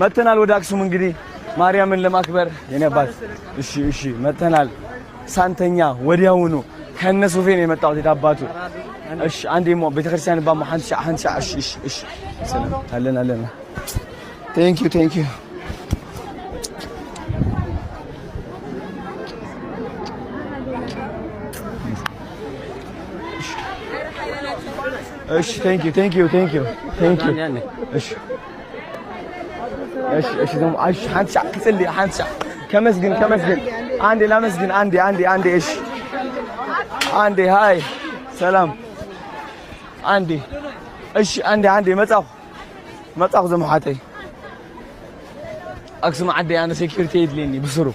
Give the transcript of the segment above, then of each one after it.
متنال ود اكسوم انغدي ماريامن لماكبر يني ابات اشي اشي متنال سانتنيا ودياونو كان سوفين يمطاو تي داباتو اش عندي مو بيت كريستيان با مو حنت شا حنت اش اش اش سلام هلنا هلنا ثانك يو ثانك يو اش ثانك يو ثانك يو ثانك يو ثانك يو اش ايش ايش دوم ايش حنشع كسلي حنشع كمسجن كمسجن عندي لا مسجن عندي عندي عندي ايش عندي هاي سلام عندي ايش عندي عندي مطاخ مطاخ زم حاتي اقسم عندي انا سكيورتي يدليني بسرو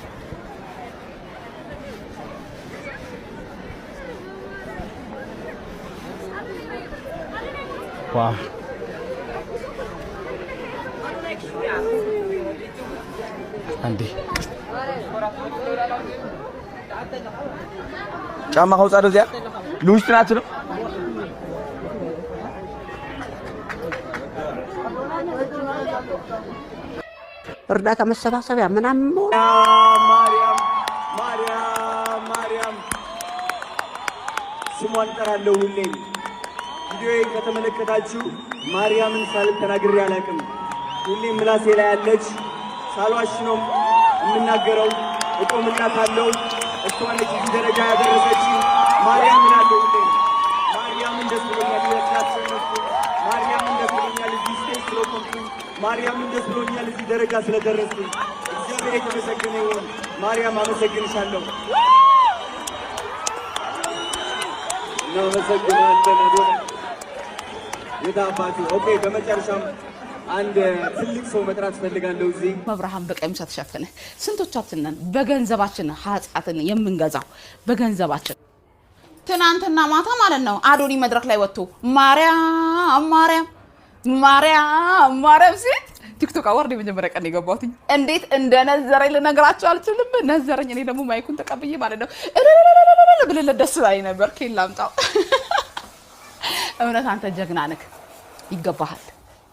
واو አንዴ ጫማ ካውጻዶ እዚያ ልውስጥ ናት ነው እርዳታ መሰባሰቢያ ምናምን ማርያም ስሟን እጠራለሁ ሁሌም ቪዲዮ ከተመለከታችሁ ማርያምን ሳልል አላውቅም። ሁሌ ምላሴ ላይ ያለች ሳሏሽ ነው የምናገረው። እቆምላት አለው። እሷ ነች እዚህ ደረጃ ያደረሰች። ማርያም ናለው ማርያም ደስ ብሎኛል፣ ማርያም ደስ ብሎኛል፣ እዚህ ስቴ ስለቆምኩኝ፣ ማርያም ደስ ብሎኛል፣ እዚህ ደረጃ ስለደረስኩኝ። እግዚአብሔር የተመሰገነ ይሆን። ማርያም አመሰግንሻለሁ። እናመሰግናለን። የታ አባቴ ኦኬ። በመጨረሻም አንድ ትልቅ ሰው መጥራት ፈልጋለሁ። እዚህ መብርሃን በቀሚሷ ተሸፈነ። ስንቶቻችን ነን በገንዘባችን ኃጢአትን የምንገዛው? በገንዘባችን ትናንትና ማታ ማለት ነው አዶኒ መድረክ ላይ ወጥቶ ማርያም ማርያም ማርያም ማርያም ሴት ቲክቶክ አዋርድ የመጀመሪያ ቀን የገባሁት እንዴት እንደነዘረኝ ልነግራቸው አልችልም። ነዘረኝ። እኔ ደግሞ ማይኩን ተቀብዬ ማለት ነው ብልል ደስ ላይ ነበር። ኬን ላምጣው። እውነት አንተ ጀግና ነክ ይገባሃል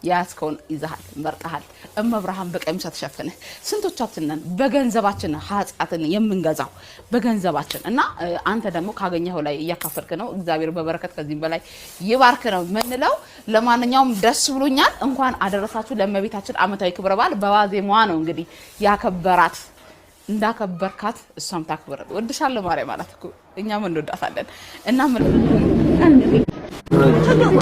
የያዝከውን ይዘሃል መርጠሃል። እመብርሃን በቀሚሷ ተሸፍነህ ስንቶቻችን ነን በገንዘባችን ኃጢአትን የምንገዛው በገንዘባችን እና አንተ ደግሞ ካገኘኸው ላይ እያካፈልክ ነው። እግዚአብሔር በበረከት ከዚህም በላይ ይባርክ ነው የምንለው። ለማንኛውም ደስ ብሎኛል። እንኳን አደረሳችሁ ለእመቤታችን ዓመታዊ ክብረ በዓል። በዋዜማዋ ነው እንግዲህ ያከበራት እንዳከበርካት እሷም ታክብር። ወድሻለሁ ማርያም ማለት እኮ እኛም እንወዳታለን እና ምን ይኸው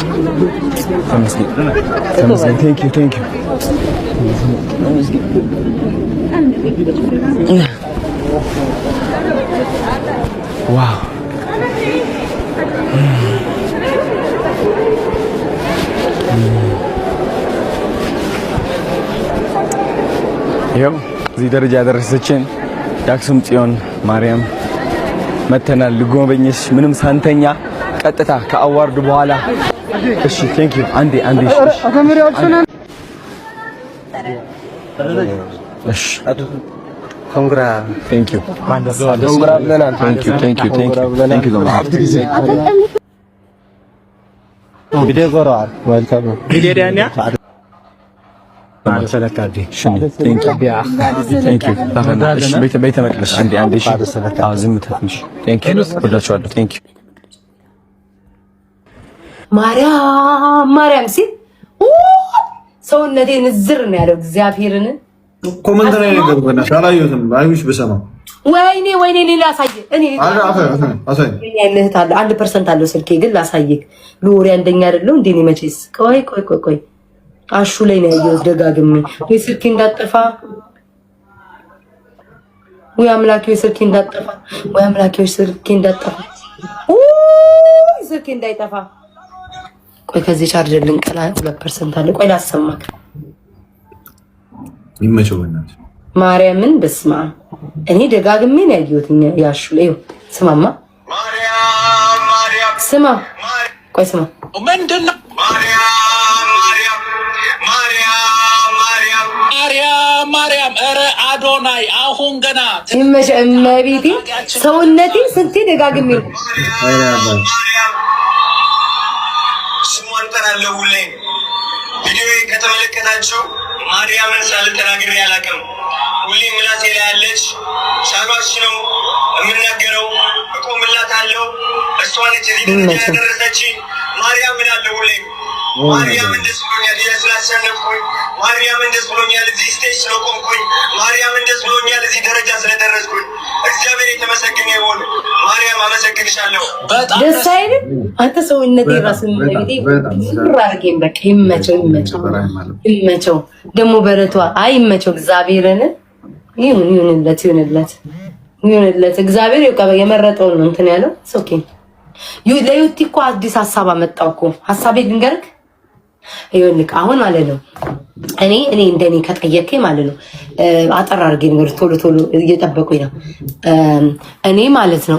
እዚህ ደረጃ ያደረሰችን የአክሱም ጽዮን ማርያም መተናል ልጎበኘሽ ምንም ሳንተኛ ቀጥታ ከአዋርድ በኋላ እሺ፣ ቴንክ ዩ አንዴ አንዴ። እሺ ኮንግራ ቴንክ ዩ ኮንግራ ብለናል። ቴንክ ዩ ቴንክ ዩ ቴንክ ዩ ቴንክ ዩ ቪዲዮ ጎራል ወልካም ቪዲዮ ዳንያ ቤተ መቅደስ አንዴ አንዴ። እሺ ዝም ትንሽ ቴንክ ዩ ሁላችኋለሁ ቴንክ ዩ ማርያም ማርያም ሲል ሰውነቴን ዝር ነው ያለው። እግዚአብሔርን ኮመንት ላይ ነገርኩህ። አላየሁትም። አዩሽ ብሰማ ወይኔ ወይኔ እኔ ላሳየህ። እኔ አለ አንድ ፐርሰንት አለው ስልኬ ግን ላሳየክ። ሎሪ አንደኛ አይደለው እንዴ? እኔ መቼስ ቆይ ቆይ ቆይ ቆይ አሹ ላይ ነው ያየሁት ደጋግሜ። ወይ ስልኬ እንዳጠፋ ወይ አምላኬ፣ ወይ ስልኬ እንዳጠፋ ወይ አምላኬ፣ ወይ ስልኬ እንዳጠፋ ወይ ስልኬ እንዳይጠፋ ቆይ ከዚህ ቻርጅ ልንቀላ ሁለት ፐርሰንት አለ። ቆይ ላሰማክ። ይመቸው በእናትህ ማርያምን። በስማ እኔ ደጋግሜ ነው ያየሁት። ያሹ ላይ ስማማ፣ ስማ፣ ቆይ ስማ፣ ምንድን ነው ማርያም ማርያም ማርያም ማርያም ማርያም ማርያም እማጸናለሁ ሁሌ። ቪዲዮ ከተመለከታችሁ ማርያምን ሳልተናገር አላውቅም። ሁሌ ምላሴ ላይ ያለች ሳሏች ነው የምናገረው። እቆምላት አለው። እሷ ነች እዚህ ደረጃ ያደረሰች ማርያም ምናለሁ ሁሌ ማርያም እንደስ ብሎኛል ስላሸነፍኩኝ፣ ማርያም እንደስ ብሎኛል እዚህ ስቴጅ ስለቆምኩኝ፣ ማርያም እንደስ ብሎኛል እዚህ ደረጃ ስለደረስኩኝ፣ እግዚአብሔር የተመሰገነ ይሁን። ማርያም አመሰግንሻለሁ። ደስ አይልም? አንተ ሰውነት ራስ ራጌም በቃ ይመቸው፣ ይመቸው፣ ይመቸው። ደግሞ በረቷ አይመቸው እግዚአብሔርን ይሁን ይሁንለት፣ ይሁንለት፣ ይሁንለት። እግዚአብሔር የመረጠውን ነው እንትን ያለው ለዩቲ እኮ አዲስ ሀሳብ አመጣው እኮ ሀሳቤ ይኸውልህ አሁን ማለት ነው እኔ እኔ እንደኔ ከጠየከኝ ማለት ነው አጠር አድርጌ ነገር ቶሎ ቶሎ እየጠበቁኝ ነው። እኔ ማለት ነው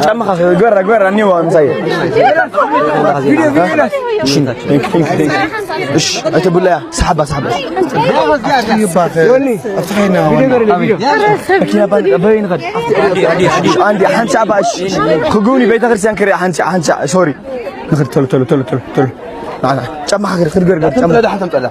دم خفيف جرى جرى اني وام زي شن ثانك ايش انت بالله سحبها سحبها عندي حنسع باش خقوني بيت غير سانكري حنسع حنسع سوري نخر تلو تلو تلو تلو تلو لا لا جمع خير خير جرى جمع لا حتى مطلع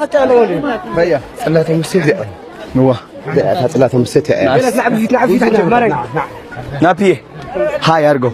حتى انا ولي بيا ثلاثة مسيت هو ثلاثة مسيت تلعب في تلعب في تحت نعم نعم نعم هاي ارجو